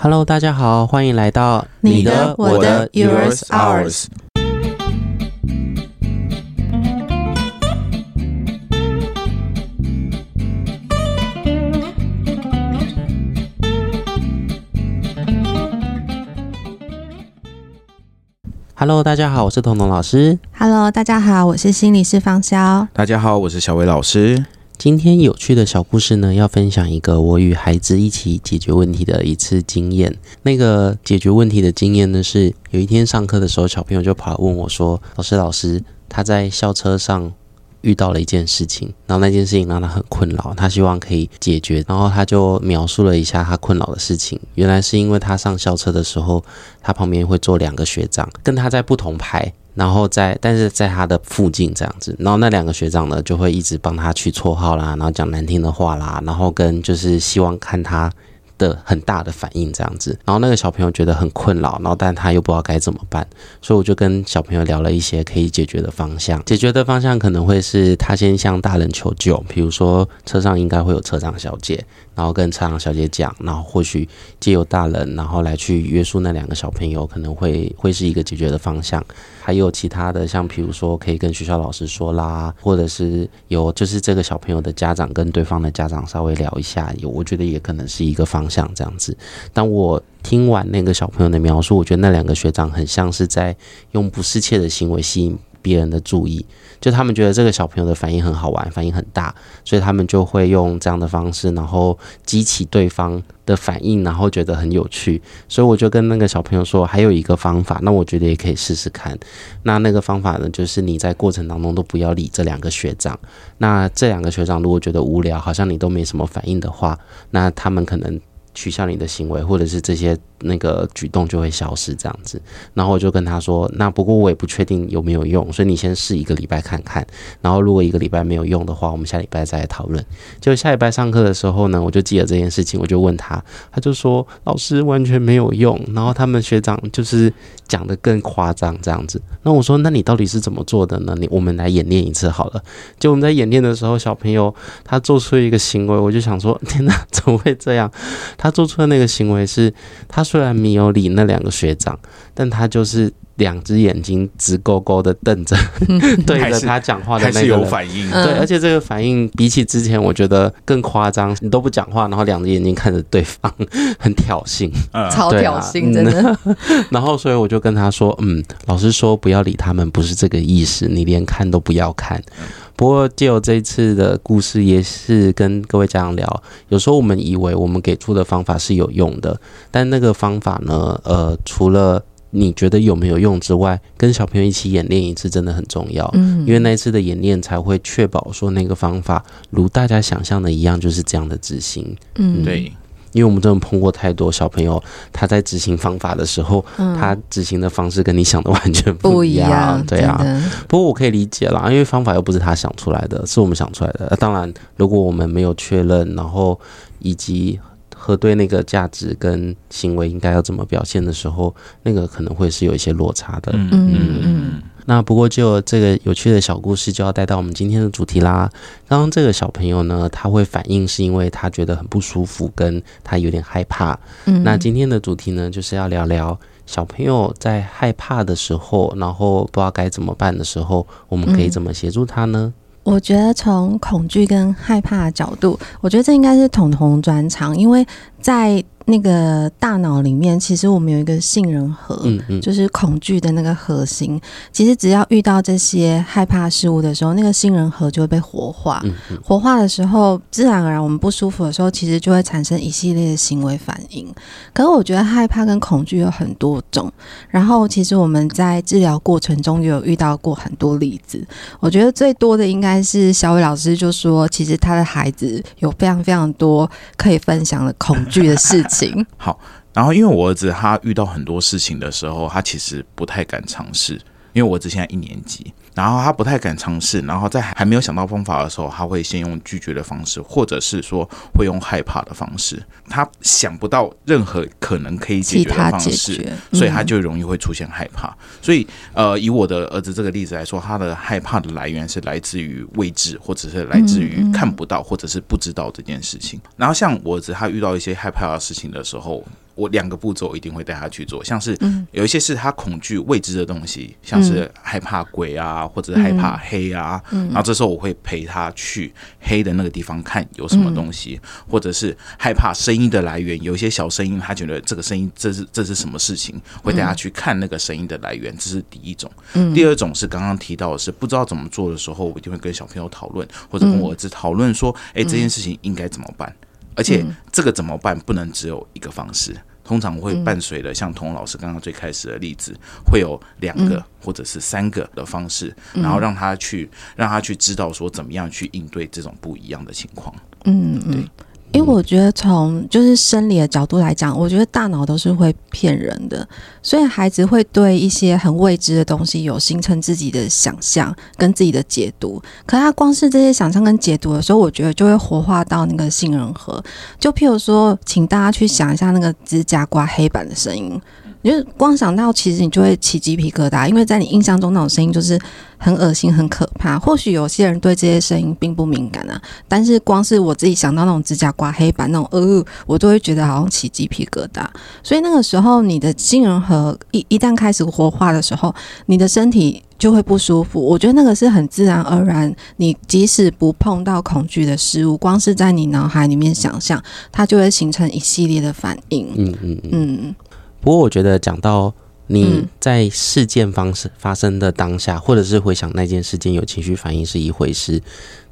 Hello，大家好，歡迎來到你的，你的我的，我的 yours ours。Hello，大家好，我是彤彤老師。Hello，大家好，我是心理師方瀟。大家好，我是小薇老師。今天有趣的小故事呢，要分享一個我與孩子一起解決問題的一次經驗。那個解決問題的經驗呢是，是有一天上課的時候，小朋友就跑來問我說：“老師，老師，他在校車上遇到了一件事情，然後那件事情讓他很困擾，他希望可以解決。”然後他就描述了一下他困擾的事情，原來是因為他上校車的時候，他旁邊會坐兩個學長，跟他在不同排。然後在，但是在他的附近這樣子，然後那兩個學長呢就會一直幫他取綽號啦，然後講難聽的話啦，然後跟就是希望看他的很大的反應這樣子。然後那個小朋友覺得很困擾，然後但他又不知道該怎麼辦，所以我就跟小朋友聊了一些可以解決的方向。解決的方向可能會是他先向大人求救，比如說，車上應該會有車長小姐。然後跟朝陽小姐講，然後或許借由大人，然後來去約束那兩個小朋友，可能會會是一個解決的方向。還有其他的，像譬如說可以跟學校老師說啦，或者是有就是這個小朋友的家長跟對方的家長稍微聊一下，有我覺得也可能是一個方向這樣子。當我聽完那個小朋友的描述，我覺得那兩個學長很像是在用不適切的行為吸引，別人的注意，就他們覺得這個小朋友的反應很好玩，反應很大，所以他們就會用這樣的方式，然後激起對方的反應，然後覺得很有趣。所以我就跟那個小朋友說，還有一個方法，那我覺得也可以試試看。那那個方法呢，就是你在過程當中都不要理這兩個學長。那這兩個學長如果覺得無聊，好像你都沒什麼反應的話，那他們可能取笑你的行為，或者是這些。那個舉動就會消失，這樣子。然後我就跟他說：“那不過我也不確定有沒有用，所以你先試一個禮拜看看。然後如果一個禮拜沒有用的話，我們下禮拜再來討論。”結果下禮拜上課的時候呢，我就記得這件事情，我就問他，他就說：“老師完全沒有用。”然後他們學長就是講得更誇張，這樣子。那我說：“那你到底是怎麼做的呢？你我們來演練一次好了。”就我們在演練的時候，小朋友他做出一個行為，我就想說：“天哪，怎麼會這樣？”他做出的那個行為是他。雖然沒有理那兩個學長，但他就是兩隻眼睛直勾勾的瞪着，對着他講話的那一個。對，而且這個反應比起之前，我覺得更誇張。嗯、你都不講話，然後兩隻眼睛看着對方，很挑釁，嗯啊、超挑釁真的。嗯、然後，所以我就跟他說：“嗯，老師說不要理他們，不是這個意思，你連看都不要看。”不過，借由這一次的故事，也是跟各位家長聊。有時候我們以為我們給出的方法是有用的，但那個方法呢？呃，除了你覺得有沒有用之外，跟小朋友一起演練一次真的很重要。嗯，因為那一次的演練才會確保說那個方法如大家想象的一樣，就是這樣的執行。嗯，嗯對。因為我們真的碰過太多小朋友，他在執行方法的時候，嗯、他執行的方式跟你想的完全不一樣。不一樣。對啊，真的。不過我可以理解啦，因為方法又不是他想出來的，是我們想出來的。啊、當然，如果我們沒有確認，然後以及。核對那個價值跟行為應該要怎麼表現的時候，那個可能會是有一些落差的。嗯嗯嗯。嗯。那不過就這個有趣的小故事，就要帶到我們今天的主題啦。剛剛這個小朋友呢，他會反應是因為他覺得很不舒服，跟他有點害怕。嗯。那今天的主題呢，就是要聊聊小朋友在害怕的時候，然後不知道該怎麼辦的時候，我們可以怎麼協助他呢？嗯。我覺得從恐懼跟害怕的角度，我覺得這應該是彤彤專長，因為在，那個大腦裡面，其實我們有一個杏仁核，就是恐懼的那個核心。嗯嗯，其實只要遇到這些害怕事物的時候，那個杏仁核就會被活化。活化的時候，自然而然我們不舒服的時候，其實就會產生一系列的行為反應。可是我覺得害怕跟恐懼有很多種。然後其實我們在治療過程中也有遇到過很多例子。我覺得最多的應該是小偉老師就說，其實他的孩子有非常非常多可以分享的恐懼的事情。 行好，然後因為我兒子他遇到很多事情的時候，他其實不太敢嘗試。因為我兒子現在一年級，然後他不太敢嘗試，然後在還沒有想到方法的時候，他會先用拒絕的方式，或者是說會用害怕的方式。他想不到任何可能可以解決的方式，所以他就容易會出現害怕。嗯、所以，呃，以我的兒子這個例子來說，他的害怕的來源是來自於未知，或者是來自於看不到，嗯嗯，或者是不知道這件事情。然後，像我兒子他遇到一些害怕的事情的時候。我兩個步驟一定會帶他去做，像是有一些是他恐懼未知的東西，像是害怕鬼啊，或者是害怕黑啊，然後這時候我會陪他去黑的那個地方看有什麼東西，或者是害怕聲音的來源，有一些小聲音，他覺得這個聲音這是這是什麼事情，會帶他去看那個聲音的來源，這是第一種。第二種是剛剛提到的是不知道怎麼做的時候，我一定會跟小朋友討論，或者跟我兒子討論說，哎，這件事情應該怎麼辦？而且這個怎麼辦不能只有一個方式。通常會伴隨著，像童老師剛剛最開始的例子，會有兩個或者是三個的方式，然後讓他去，讓他去知道說怎麼樣去應對這種不一樣的情況。嗯，嗯，對。因為我覺得從就是生理的角度來講，我覺得大腦都是會騙人的，所以孩子會對一些很未知的東西有形成自己的想象跟自己的解讀。可他光是這些想象跟解讀的時候，我覺得就會活化到那個杏仁核。就譬如說，請大家去想一下那個指甲刮黑板的聲音。你就光想到，其實你就會起雞皮疙瘩，因為在你印象中那種聲音就是很惡心、很可怕。或許有些人對這些聲音並不敏感啊，但是光是我自己想到那種指甲刮黑板那種，呃，我都會覺得好像起雞皮疙瘩。所以那個時候，你的杏仁核一一旦開始活化的時候，你的身體就會不舒服。我覺得那個是很自然而然，你即使不碰到恐懼的事物，光是在你腦海裡面想象，它就會形成一系列的反應。嗯嗯嗯，嗯。不過，我覺得講到。你在事件發生發生的當下，或者是回想那件事件有情緒反應是一回事，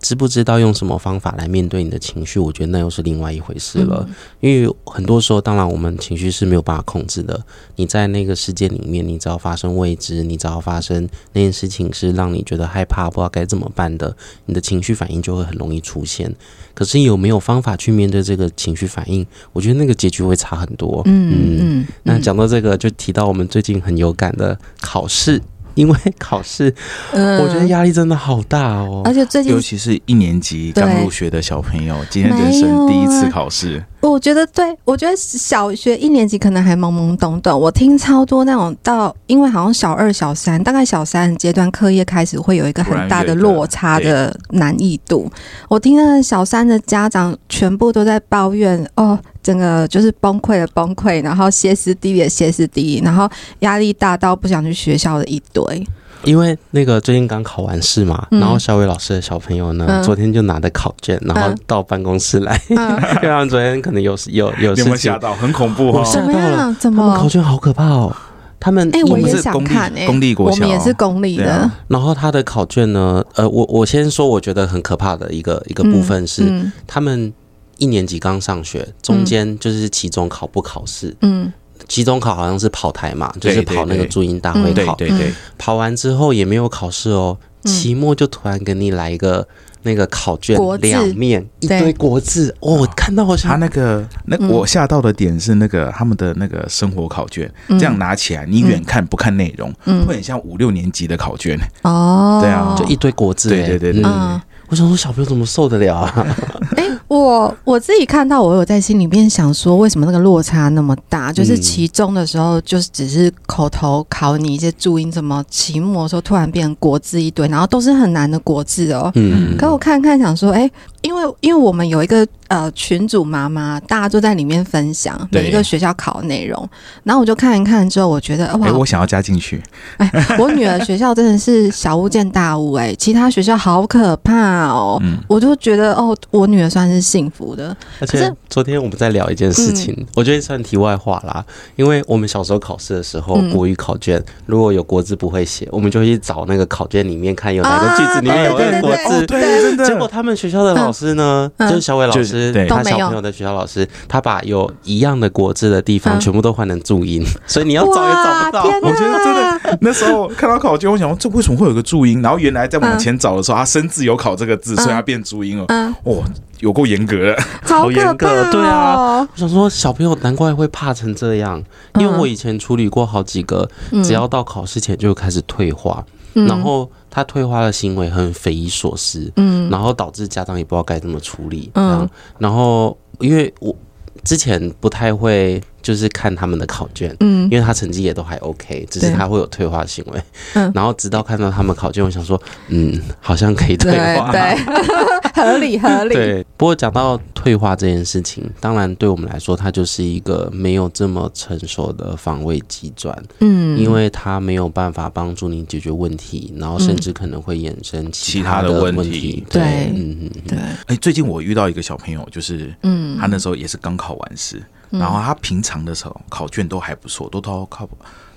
知不知道用什麼方法來面對你的情緒，我覺得那又是另外一回事了。因為很多時候，當然我們情緒是沒有辦法控制的。你在那個事件裡面，你只要發生未知，你只要發生那件事情是讓你覺得害怕，不知道該怎麼辦的，你的情緒反應就會很容易出現。可是有沒有方法去面對這個情緒反應？我覺得那個結局會差很多。嗯嗯，嗯嗯，那講到這個，就提到我們最近。很有感的考試，因為考試，嗯、我覺得壓力真的好大哦、喔。而且最近，尤其是一年級剛入學的小朋友，對今天人生第一次考試。我覺得對，我覺得小學一年級可能還懵懵懂懂。我聽超多那種到，因為好像小二、小三，大概小三階段，課業開始會有一個很大的落差的難易度。我聽到小三的家長全部都在抱怨，哦，整個就是崩潰的崩潰，然後歇斯底里的歇斯底里，然後壓力大到不想去學校的一堆。因為那個最近剛考完試嘛，然後小偉老師的小朋友呢，嗯、昨天就拿的考卷，然後到辦公室來，對啊，昨天可能有有有事情，有沒有嚇到很恐怖哈、哦，嚇到了呀？怎麼考卷好可怕哦？他們、欸、我也想看、欸、他們是公立，公立國校，我們也是公立的。啊、然後他的考卷呢，呃，我我先說，我覺得很可怕的一個一個部分是，嗯、他們一年級剛上學，中間就是期中考不考試，嗯。嗯期中考好像是跑台嘛，就是跑那個注音大會考。對對對，跑完之後也沒有考試哦，期末就突然給你來一個那個考卷，兩面一堆國字，哦，看到好像。他那個，那我嚇到的點是那個他們的那個生活考卷，這樣拿起來你遠看不看內容，會很像五六年級的考卷哦。對啊，就一堆國字。對對對對。我想說，小朋友怎麼受得了啊？哎、 欸，我我自己看到，我有在心裡面想說，為什麼那個落差那麼大？就是期中的時候，就是只是口頭考你一些注音什，怎麼期末的時候突然變成國字一堆，然後都是很難的國字哦。嗯，嗯，嗯、可我看看想說，哎、欸。因為因為我們有一個呃群組媽媽，大家都在裡面分享每一個學校考的內容，然後我就看一看之後，我覺得，哎，我想要加進去。哎，我女兒學校真的是小巫見大巫，哎，其他學校好可怕哦，我就覺得哦，我女兒算是幸福的。而且昨天我們在聊一件事情，我覺得算題外話啦，因為我們小時候考試的時候，國語考卷如果有國字不會寫，我們就去找那個考卷裡面看有哪個句子裡面有那個國字，結果他們學校的老師。師呢，就是小偉老師他小朋友的學校老師，他把有一樣的國字的地方全部都換成注音，所以你要找也找不到。我覺得真的那時候看到考卷，我想這為什麼會有個注音？然後原來在往前找的時候，他生字有考這個字，所以他變注音了。哦，有夠嚴格，好嚴格！對啊，我想說小朋友難怪會怕成這樣，因為我以前處理過好幾個，只要到考試前就開始退化，然後。他退化的行為很匪夷所思，嗯，嗯，然後導致家長也不知道該怎麼處理，嗯，然後因為我之前不太會。就是看他們的考卷，嗯，因為他成績也都還 OK，只是他會有退化行為，嗯對，然後直到看到他們考卷，我想說，嗯，好像可以退化，對，對 合，合理合理。對，不過講到退化這件事情，當然對我們來說，它就是一個沒有這麼成熟的防衛機轉，嗯，因為他沒有辦法幫助你解決問題，然後甚至可能會衍生其他的問題，問題，對，嗯嗯對。哎對、欸，最近我遇到一個小朋友，就是，嗯，他那時候也是剛考完試。嗯然後他平常的時候考卷，都還不錯，都都考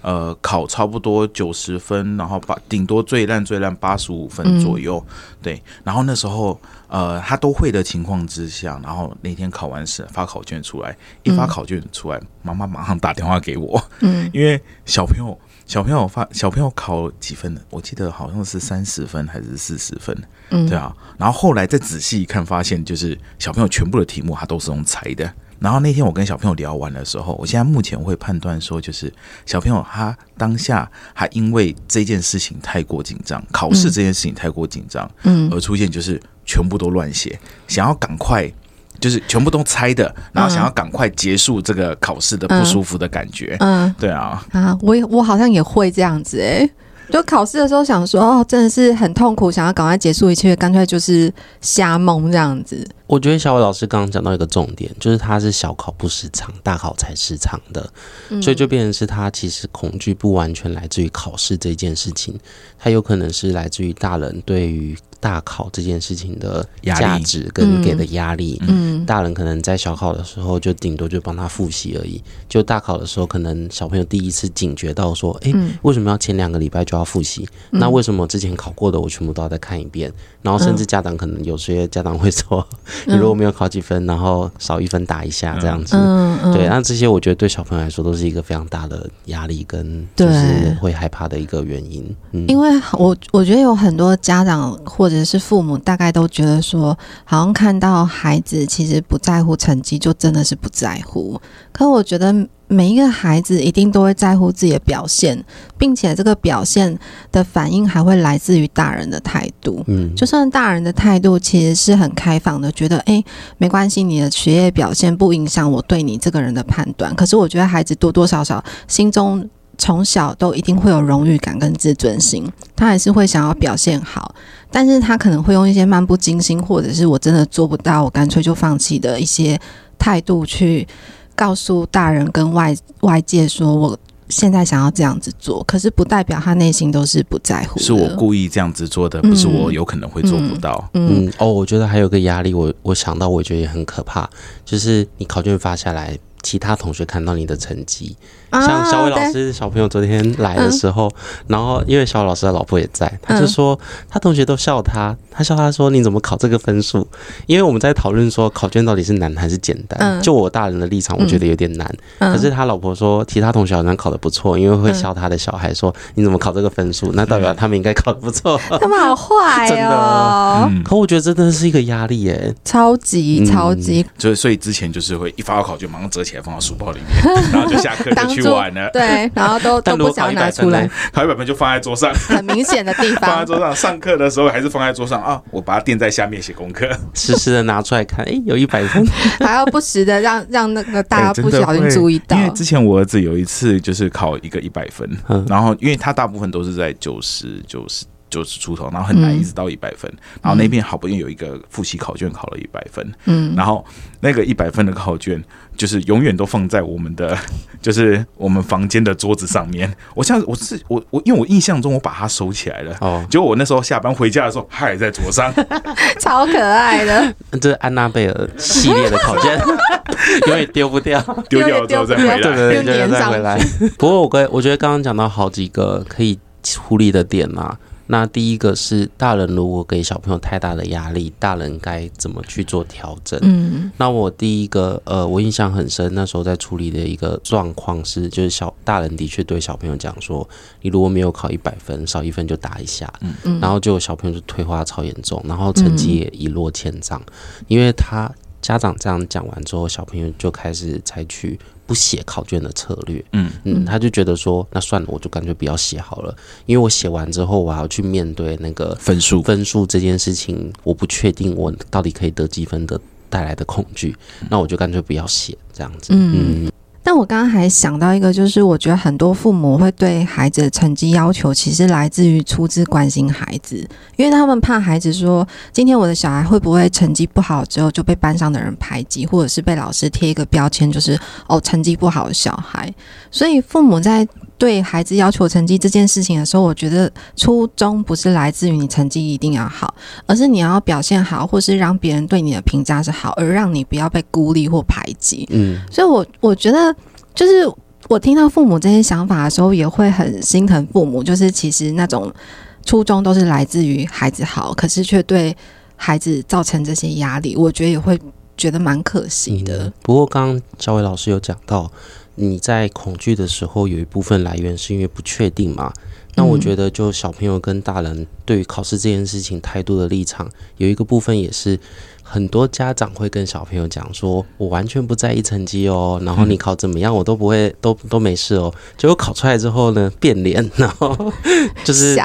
呃考差不多九十分，然後八頂多最爛最爛八十五分左右。嗯、對，然後那時候呃他都會的情況之下，然後那天考完試發考卷出來，一發考卷出來，嗯、媽媽馬上打電話給我。嗯，因為小朋友小朋友發小朋友考幾分呢？我記得好像是三十分還是四十分。嗯、對啊。然後後來再仔細一看，發現就是小朋友全部的題目他都是用猜的。然後那天我跟小朋友聊完的時候，我現在目前會判斷說，就是小朋友他當下還因為這件事情太過緊張，考試這件事情太過緊張，嗯，而出現就是全部都亂寫，嗯、想要趕快就是全部都猜的，然後想要趕快結束這個考試的不舒服的感覺，嗯，嗯嗯對啊，啊，我也，我好像也會這樣子哎、欸，就考試的時候想說哦，真的是很痛苦，想要趕快結束一切，乾脆就是瞎蒙這樣子。我覺得小偉老師剛剛講到一個重點，就是他是小考不失常，大考才失常的，嗯、所以就變成是他其實恐懼不完全來自於考試這件事情，他有可能是來自於大人對於大考這件事情的價值跟給的壓力嗯。嗯，大人可能在小考的時候就頂多就幫他複習而已，就大考的時候，可能小朋友第一次警覺到說，誒、欸，為什麼要前兩個禮拜就要複習？那為什麼之前考過的我全部都要再看一遍？然後甚至家長可能有些家長會說、嗯。 你如果沒有考幾分，嗯、然後少一分打一下這樣子，嗯、對，那這些我覺得對小朋友來說都是一個非常大的壓力，跟就是會害怕的一個原因。對嗯、因為我我覺得有很多家長或者是父母，大概都覺得說，好像看到孩子其實不在乎成績，就真的是不在乎。可我覺得。每一個孩子一定都會在乎自己的表現，並且這個表現的反應還會來自於大人的態度。嗯，就算大人的態度其實是很開放的，覺得誒，沒關係，你的學業表現不影響我對你這個人的判斷。可是我覺得孩子多多少少心中從小都一定會有榮譽感跟自尊心，他還是會想要表現好，但是他可能會用一些漫不經心，或者是我真的做不到，我乾脆就放棄的一些態度去。告訴大人跟外外界說，我現在想要這樣子做，可是不代表他內心都是不在乎。是我故意這樣子做的，嗯、不是我有可能會做不到。嗯，嗯，嗯哦，我覺得還有個壓力，我我想到，我覺得也很可怕，就是你考卷發下來，其他同學看到你的成績。像小偉老師小朋友昨天來的時候，然後因為小偉老師的老婆也在，他就說他同學都笑他，他笑他說，你怎麼考這個分數？因為我們在討論說考卷到底是難還是簡單。就我大人的立場，我覺得有點難。可是他老婆說其他同學好像考得不錯，因為會笑他的小孩說你怎麼考這個分數？那代表他們應該考得不錯。他們好壞，真的。可我覺得真的是一個壓力，欸，超級超級。就、嗯、所以之前就是會一發考卷馬上折起來放到書包裡面，然後就下課就去。對，然後都都不想拿出來，出來，考一百分就放在桌上，很明顯的地方放在桌上。上課的時候還是放在桌上啊，我把它墊在下面寫功課，實時的拿出來看，哎，有一百分，還要不時的讓讓那個大家不小心注意到。因為之前我兒子有一次就是考一個一百分，然後因為他大部分都是在九十九十。九十出頭，然後很難一直到一百分。嗯、然後那邊好不容易有一個複習考卷考了一百分，嗯，然後那個一百分的考卷就是永遠都放在我們的，就是我們房間的桌子上面。我像我是我我，因為我印象中我把它收起來了哦。結果、嗯、我那時候下班回家的時候，它也、嗯、在桌上，超可愛的，這是安娜貝爾系列的考卷，因 為丟不掉，丟掉了之後再對對對再回來。回來，不過我剛我覺得剛剛講到好幾個可以處理的點啊。那第一個是大人如果給小朋友太大的壓力，大人該怎麼去做調整？嗯，那我第一個，呃，我印象很深，那時候在處理的一個狀況是，就是小大人的確對小朋友講說，你如果沒有考一百分，少一分就打一下，嗯，然後就小朋友就退化超嚴重，然後成績也一落千丈，嗯，因為他家長這樣講完之後，小朋友就開始採取。不寫考卷的策略，嗯嗯，他就覺得說，那算了，我就乾脆不要寫好了，因為我寫完之後，我要去面對那個分數，分數這件事情，我不確定我到底可以得幾分的帶來的恐懼，那我就乾脆不要寫這樣子，嗯。但我剛剛還想到一個，就是我覺得很多父母會對孩子的成績要求，其實來自於出自關心孩子，因為他們怕孩子說，今天我的小孩會不會成績不好，之後就被班上的人排擠，或者是被老師貼一個標籤，就是哦，成績不好的小孩，所以父母在，對孩子要求成績這件事情的時候，我覺得初衷不是來自於你成績一定要好，而是你要表現好，或是讓別人對你的評價是好，而讓你不要被孤立或排擠。嗯，所以我，我我覺得，就是我聽到父母這些想法的時候，也會很心疼父母。就是其實那種初衷都是來自於孩子好，可是卻對孩子造成這些壓力，我覺得也會覺得蠻可惜的。不過，剛剛小偉老師有講到。你在恐懼的時候，有一部分來源是因為不確定嘛？嗯、那我覺得，就小朋友跟大人對於考試這件事情態度的立場，有一個部分也是很多家長會跟小朋友講說：“我完全不在意成績哦，然後你考怎麼樣，我都不會，嗯、都都沒事哦。”結果考出來之後呢，變臉，然後 就是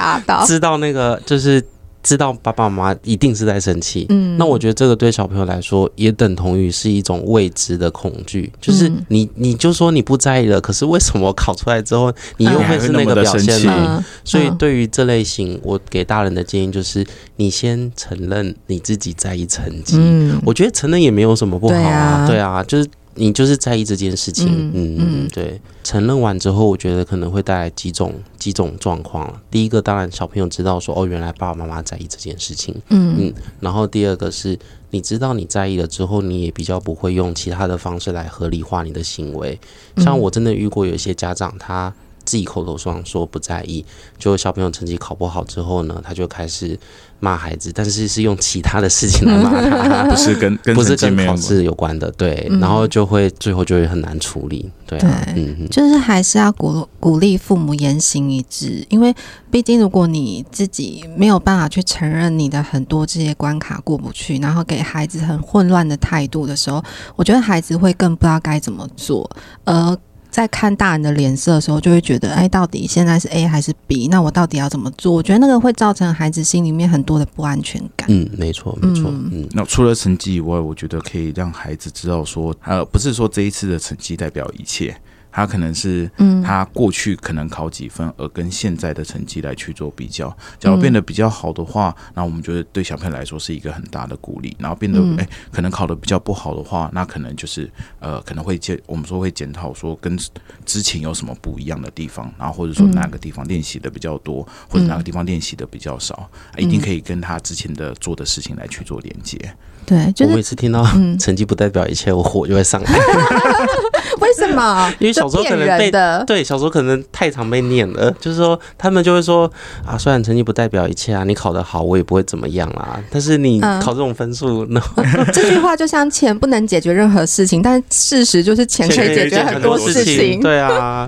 知道那個就是。知道爸爸媽媽一定是在生氣，嗯，那我覺得這個對小朋友來說也等同於是一種未知的恐懼，嗯、就是你，你就說你不在意了，可是為什麼考出來之後你又會是那個表現呢？啊？嗯、所以對於這類型，我給大人的建議就是，你先承認你自己在意成績，嗯，我覺得承認也沒有什麼不好啊，對啊，對啊，就是。你就是在意這件事情，嗯嗯，對，承認完之後，我覺得可能會帶來幾種幾種狀況。第一個，當然小朋友知道說，哦，原來爸爸媽媽在意這件事情，嗯嗯。然後第二個是你知道你在意了之後，你也比較不會用其他的方式來合理化你的行為。像我真的遇過有些家長，他。自己口頭上說，說不在意，就小朋友成績考不好之後呢，他就開始罵孩子，但是是用其他的事情來罵他， 不是跟跟沒有不是跟考試有關的，對，然後就會最後就會很難處理，對啊，對嗯哼，就是還是要鼓鼓勵父母言行一致，因為畢竟如果你自己沒有辦法去承認你的很多這些關卡過不去，然後給孩子很混亂的態度的時候，我覺得孩子會更不知道該怎麼做，而。在看大人的臉色的時候，就會覺得，哎，到底現在是 A 還是 B？那我到底要怎麼做？我覺得那個會造成孩子心裡面很多的不安全感。嗯，沒錯，沒錯。嗯，那除了成績以外，我覺得可以讓孩子知道說，呃，不是說這一次的成績代表一切。他可能是，嗯，他過去可能考幾分，而跟現在的成績來去做比較，假如變得比較好的話，那我們覺得對小朋友來說是一個很大的鼓勵。然後變得，哎，可能考的比較不好的話，那可能就是，呃，可能會檢，我們說會檢討說跟之前有什麼不一樣的地方，然後或者說哪個地方練習的比較多，或者哪個地方練習的比較少，一定可以跟他之前的做的事情來去做連接。對，就是、我每次聽到、嗯、成績不代表一切，我火就會上來。 為什麼？比如說。小時候可能被，對，小時候可能太常被念了，就是說他們就會說啊，雖然成績不代表一切啊，你考得好我也不會怎麼樣啊，但是你考這種分數，這句話就像錢不能解決任何事情，但事實就是錢可以解決很多事情，對啊，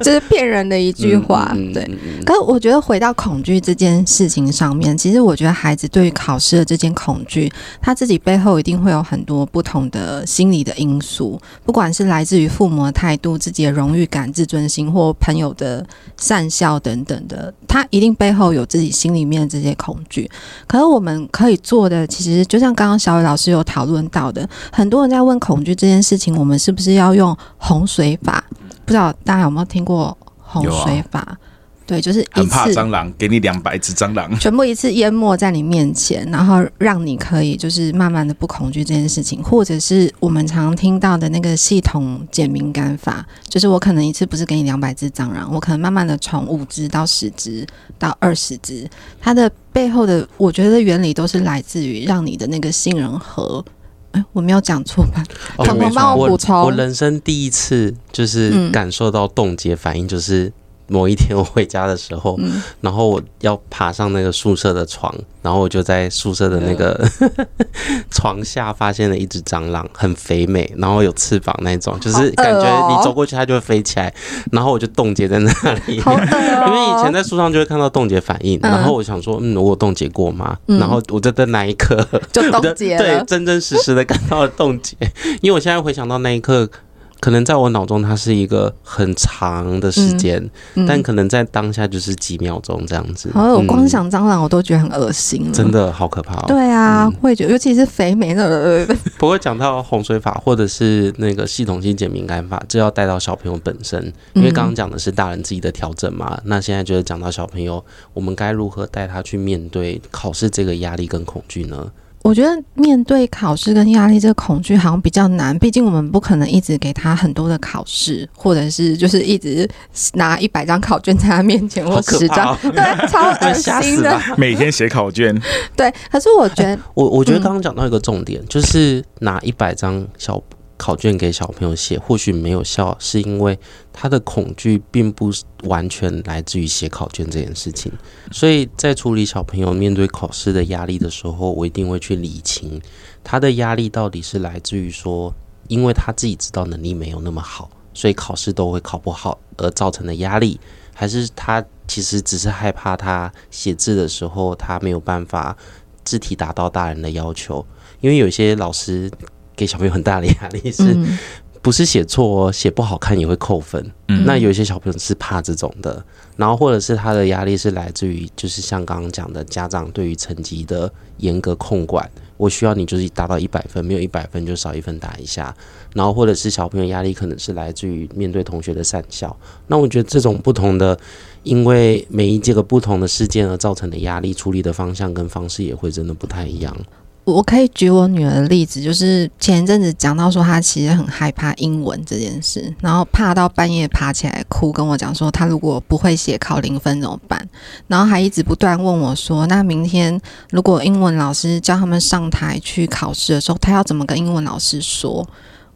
這是騙人的一句話，對。可是我覺得回到恐懼這件事情上面，其實我覺得孩子對於考試的這件恐懼，他自己背後一定會有很多不同的心理的因素，不管是來自於父母，態度、自己的榮譽感、自尊心或朋友的訕笑等等的，他一定背後有自己心裡面的這些恐懼。可是我們可以做的，其實就像剛剛小偉老師有討論到的，很多人在問恐懼這件事情，我們是不是要用洪水法？不知道大家有沒有聽過洪水法？對，就是很怕蟑螂，給你兩百隻蟑螂，全部一次淹沒在你面前，然後讓你可以就是慢慢的不恐懼這件事情，或者是我們常聽到的那個系統減敏感法，就是我可能一次不是給你兩百隻蟑螂，我可能慢慢的從五隻到十隻到二十隻，它的背後的我覺得原理都是來自於讓你的那個杏仁核，我沒有講錯吧？幫我補充。我人生第一次就是感受到凍結反應就是。某一天我回家的時候，嗯、然後我要爬上那個宿舍的床，然後我就在宿舍的那個、嗯、 床下發現了一隻蟑螂，很肥美，然後有翅膀那種，就是感覺你走過去它就會飛起來，呃哦、然後我就凍結在那裡，哦、因為以前在書上就會看到凍結反應，嗯、然後我想說，嗯，我有凍結過嗎？嗯、然後我就在那一刻就凍結了我就，對，真真實實的感到了凍結， 因為我現在回想到那一刻。可能在我腦中，它是一個很長的時間，嗯嗯、但可能在當下就是幾秒鐘這樣子。啊好，嗯、我光想蟑螂，我都覺得很噁心了。真的，好可怕、哦。對啊，嗯、會覺得，尤其是肥美的。不過講到洪水法或者是那個系統性減敏感法，就要帶到小朋友本身，因為剛剛講的是大人自己的調整嘛。嗯、那現在就是講到小朋友，我們該如何帶他去面對考試這個壓力跟恐懼呢？我覺得面對考試跟壓力這個恐懼好像比較難，畢竟我們不可能一直給他很多的考試，或者是就是一直拿一百張考卷在他面前或10，或十張，對，超噁心的，哎、每天寫考卷。對，可是我覺得，欸、我我覺得剛剛講到一個重點，嗯、就是拿一百張小。考卷給小朋友寫，或許沒有效，是因為他的恐懼並不完全來自於寫考卷這件事情。所以在處理小朋友面對考試的壓力的時候，我一定會去理清他的壓力到底是來自於說，因為他自己知道能力沒有那麼好，所以考試都會考不好而造成的壓力，還是他其實只是害怕他寫字的時候他沒有辦法字體達到大人的要求，因為有些老師。給小朋友很大的壓力，是不是寫錯哦，寫不好看也會扣分？嗯、那有一些小朋友是怕這種的，然後或者是他的壓力是來自於，就是像剛剛講的，家長對於成績的嚴格控管。我需要你就是達到一百分，沒有一百分就少一分打一下。然後或者是小朋友壓力可能是來自於面對同學的訕笑。那我覺得這種不同的，因為每一這個不同的事件而造成的壓力，處理的方向跟方式也會真的不太一樣。我可以舉我女兒的例子，就是前一陣子講到說，她其實很害怕英文這件事，然後怕到半夜爬起來哭，跟我講說，她如果不會寫考零分怎麼辦？然後還一直不斷問我說，說那明天如果英文老師叫他們上台去考試的時候，她要怎麼跟英文老師說？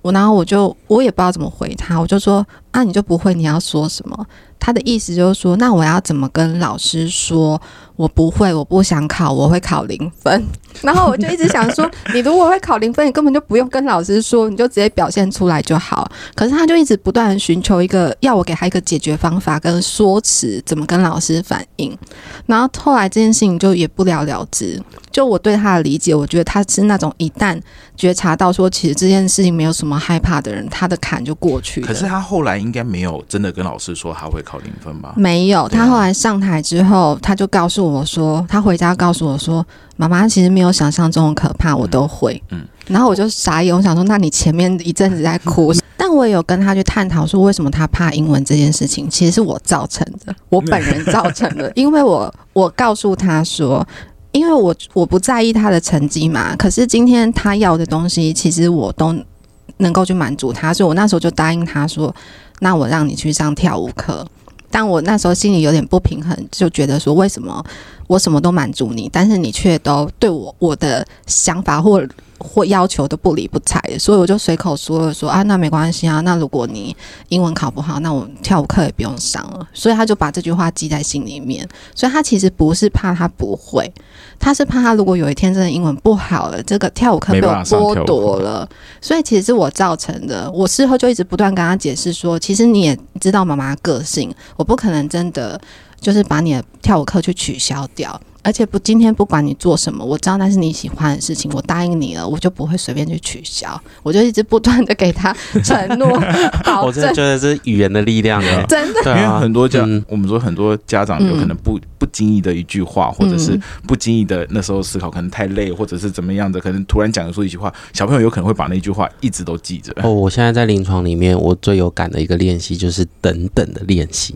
我，然後我就我也不知道怎麼回她，我就說啊，你就不會，你要說什麼？她的意思就是說，那我要怎麼跟老師說？我不會，我不想考，我會考零分。然後我就一直想說， 你如果會考零分，你根本就不用跟老師說，你就直接表現出來就好。可是他就一直不斷尋求一個要我給他一個解決方法跟說辭，怎麼跟老師反應。然後後來這件事情就也不了了之。就我對他的理解，我覺得他是那種一旦覺察到說，其實這件事情沒有什麼害怕的人，他的坎就過去了。可是他後來應該沒有真的跟老師說他會考零分吧？沒有，他後來上台之後，他就告訴我。我說，他回家告訴我說：“媽媽其實沒有想象中的可怕。”我都會，嗯，然後我就傻眼，我想說：“那你前面一陣子在哭？”但我也有跟他去探討說，為什麼他怕英文這件事情，其實是我造成的，我本人造成的， 因為我我告訴他說，因為我我不在意他的成績嘛，可是今天他要的東西，其實我都能夠去滿足他，所以我那時候就答應他說：“那我讓你去上跳舞課。”但我那時候心裡有點不平衡，就覺得說，為什麼我什麼都滿足你，但是你卻都對我我的想法或或要求都不理不睬的，所以我就隨口說了說啊，那沒關係啊，那如果你英文考不好，那我跳舞課也不用上了。所以他就把這句話記在心裡面。所以他其實不是怕他不會，他是怕他如果有一天真的英文不好了，這個跳舞課被我剝奪了。所以其實是我造成的。我事後就一直不斷跟他解釋說，其實你也知道媽媽個性，我不可能真的。就是把你的跳舞課去取消掉，而且不今天不管你做什麼，我知道那是你喜歡的事情，我答應你了，我就不會隨便去取消，我就一直不斷的給他承諾。 好我真的覺得這是語言的力量啊，真的，因為很多家 我們說很多家長有可能不 不經意的一句話，或者是不經意的那時候思考可能太累，或者是怎麼樣的，可能突然講說一句話，小朋友有可能會把那句話一直都記着。哦，oh, 我現在在臨床裡面，我最有感的一個練習就是等等的練習。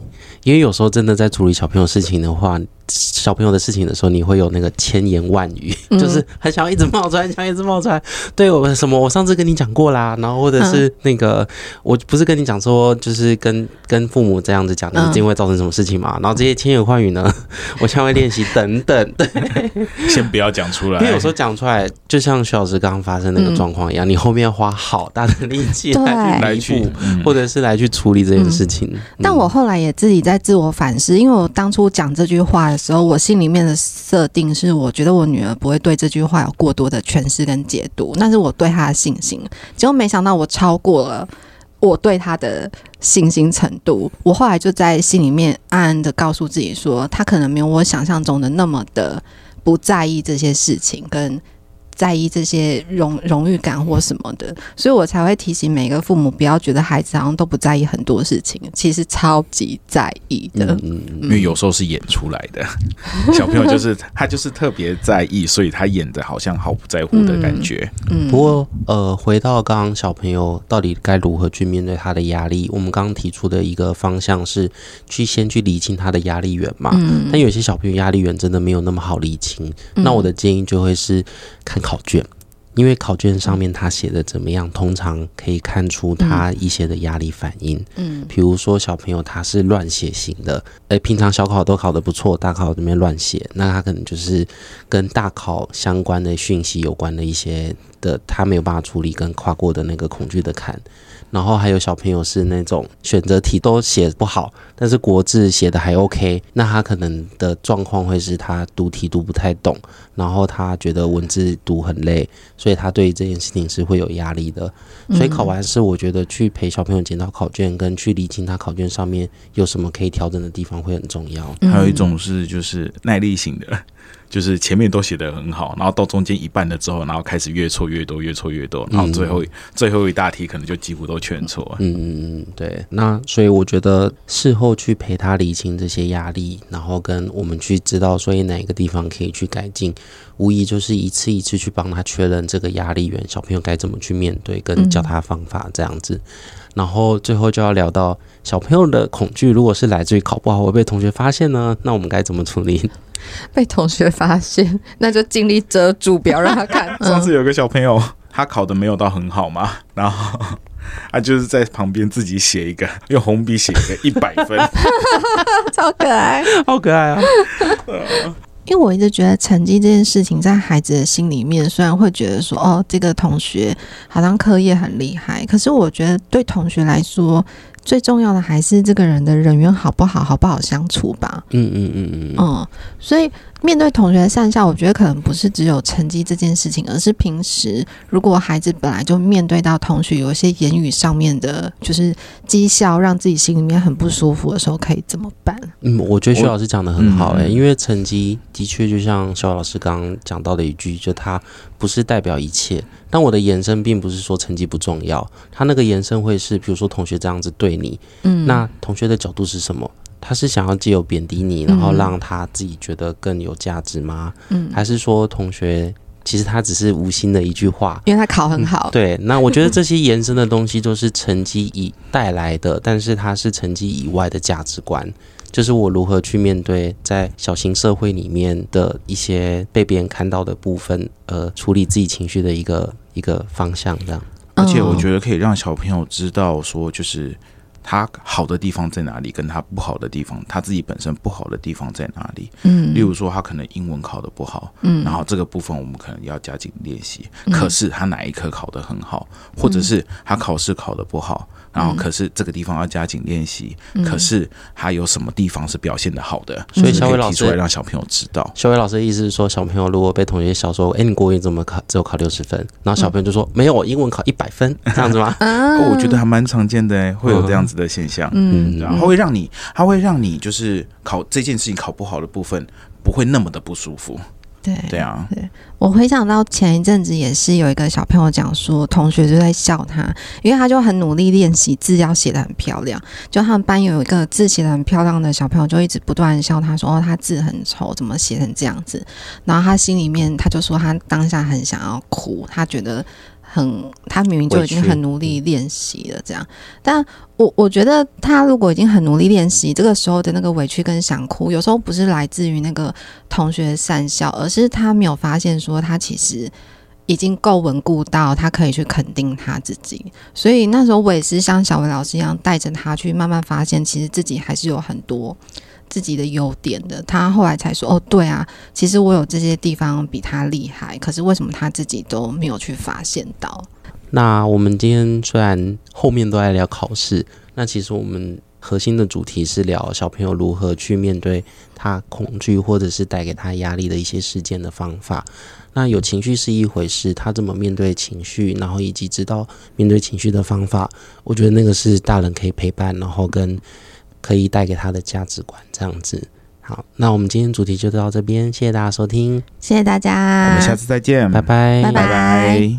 因為有時候真的在處理小朋友事情的話，小朋友的事情的時候，你會有那個千言萬語，就是很想要一直冒出來，想一直冒出來。對我什麼，我上次跟你講過啦，然後或者是那個，我不是跟你講說，就是跟跟父母這樣子講，一定會造成什麼事情嘛？然後這些千言萬語呢，我現在會練習等等對，先不要講出來，因為有時候講出來，就像徐老師剛剛發生那個狀況一樣，你後面要花好大的力氣來去來去，或者是來去處理這件事情。但我後來也自己在自我反思，因為我當初講這句話。的時候，我心裡面的設定是，我覺得我女兒不會對這句話有過多的詮釋跟解讀，那是我對她的信心。結果沒想到，我超過了我對她的信心程度。我後來就在心裡面暗暗的告訴自己說，她可能沒有我想象中的那麼的不在意這些事情跟。在意這些榮榮譽感或什麼的，所以我才會提醒每個父母不要覺得孩子好像都不在意很多事情，其實超級在意的。嗯、因為有時候是演出來的， 小朋友就是他就是特別在意，所以他演的好像毫不在乎的感覺。嗯嗯、不過呃，回到剛剛小朋友到底該如何去面對他的壓力，我們剛剛提出的一個方向是去先去釐清他的壓力源嘛。嗯。但有些小朋友壓力源真的沒有那麼好釐清，嗯、那我的建議就會是看考卷，因為考卷上面他寫的怎麼樣，通常可以看出他一些的壓力反應。嗯，嗯，比如說小朋友他是亂寫型的，哎，平常小考都考得不錯，大考裡面亂寫，那他可能就是跟大考相關的訊息有關的一些的，他沒有辦法處理跟跨過的那個恐懼的坎。然後還有小朋友是那種選擇題都寫不好，但是國字寫的還 OK。那他可能的狀況會是他讀題讀不太懂，然後他覺得文字讀很累，所以他對於這件事情是會有壓力的。所以考完試，我覺得去陪小朋友檢討考卷，跟去理清他考卷上面有什麼可以調整的地方會很重要。還有一種是就是耐力型的。就是前面都寫得很好，然後到中間一半了之後，然後開始越錯越多，越錯越多，然後最後、嗯、最後一大題可能就幾乎都全錯。嗯，對。那所以我覺得事後去陪他理清這些壓力，然後跟我們去知道，所以哪個地方可以去改進，無疑就是一次一次去幫他確認這個壓力源，小朋友該怎麼去面對，跟教他方法、嗯、哼這樣子。然後最後就要聊到小朋友的恐懼，如果是來自於考不好會被同學發現呢？那我們該怎麼處理？被同學發現，那就盡力遮住，不要讓他看。嗯、 上次有個小朋友，他考的沒有到很好嘛，然後他、啊、就是在旁邊自己寫一個，用紅筆寫一個一百分， 超可愛，好可愛啊！ 因為我一直覺得成績這件事情，在孩子的心裡面，雖然會覺得說，哦，這個同學好像課業很厲害，可是我覺得對同學來說，最重要的還是這個人的人緣好不好，好不好相處吧。嗯嗯嗯嗯。嗯，所以。面對同學的訕笑，我覺得可能不是只有成績這件事情，而是平時如果孩子本來就面對到同學有一些言語上面的，就是譏笑，讓自己心裡面很不舒服的時候，可以怎麼辦？嗯，我覺得薛老師講得很好，欸，嗯、因為成績的確就像肖老師剛剛講到的一句，就它不是代表一切。但我的延伸並不是說成績不重要，他那個延伸會是，比如說同學這樣子對你，嗯，那同學的角度是什麼？他是想要借由貶低你，然後讓他自己覺得更有價值嗎？嗯，還是說同學其實他只是無心的一句話，因為他考很好、嗯。對，那我覺得這些延伸的東西都是成績以帶來的， 但是它是成績以外的價值觀，就是我如何去面對在小型社會裡面的一些被別人看到的部分，呃，處理自己情緒的一個一個方向這樣。而且我覺得可以讓小朋友知道說就是。他好的地方在哪裡？跟他不好的地方，他自己本身不好的地方在哪裡？嗯，例如說他可能英文考得不好，嗯，然後這個部分我們可能要加緊練習。可是他哪一科考得很好？或者是他考試考得不好，然後可是這個地方要加緊練習。可是他有什麼地方是表現得好的？所以肖偉老師提出來讓小朋友知道。肖偉老師的意思是說，小朋友如果被同學笑說：“哎，你國語怎麼考只有考六十分？”然後小朋友就說：“沒有，我英文考一百分。”這樣子嗎？哦，我覺得還蠻常見的誒，會有這樣子的現象，嗯，然後會讓你，他會讓你就是考這件事情考不好的部分不會那麼的不舒服，對，對啊對。我回想到前一陣子也是有一個小朋友講說，同學就在笑他，因為他就很努力練習字，要寫得很漂亮。就他們班有一個字寫得很漂亮的小朋友，就一直不斷笑他說，說哦，他字很醜，怎麼寫成這樣子？然後他心裡面他就說他當下很想要哭，他覺得。很，他明明就已經很努力練習了，這樣，屈但我我覺得他如果已經很努力練習，這個時候的那個委屈跟想哭，有時候不是來自於那個同學的訕笑，而是他沒有發現說他其實已經夠穩固到他可以去肯定他自己，所以那時候我也是像小文老師一樣帶着他去慢慢發現，其實自己還是有很多。自己的優點的，他後來才說：“哦，對啊，其實我有這些地方比他厲害，可是為什麼他自己都沒有去發現到？”那我們今天雖然後面都在聊考試，那其實我們核心的主題是聊小朋友如何去面對他恐懼或者是帶給他壓力的一些事件的方法。那有情緒是一回事，他怎麼面對情緒，然後以及知道面對情緒的方法，我覺得那個是大人可以陪伴，然後跟可以帶給他的價值觀這樣子。好，那我們今天主題就到這邊，謝謝大家收聽，謝謝大家，我們下次再見，拜拜，拜拜。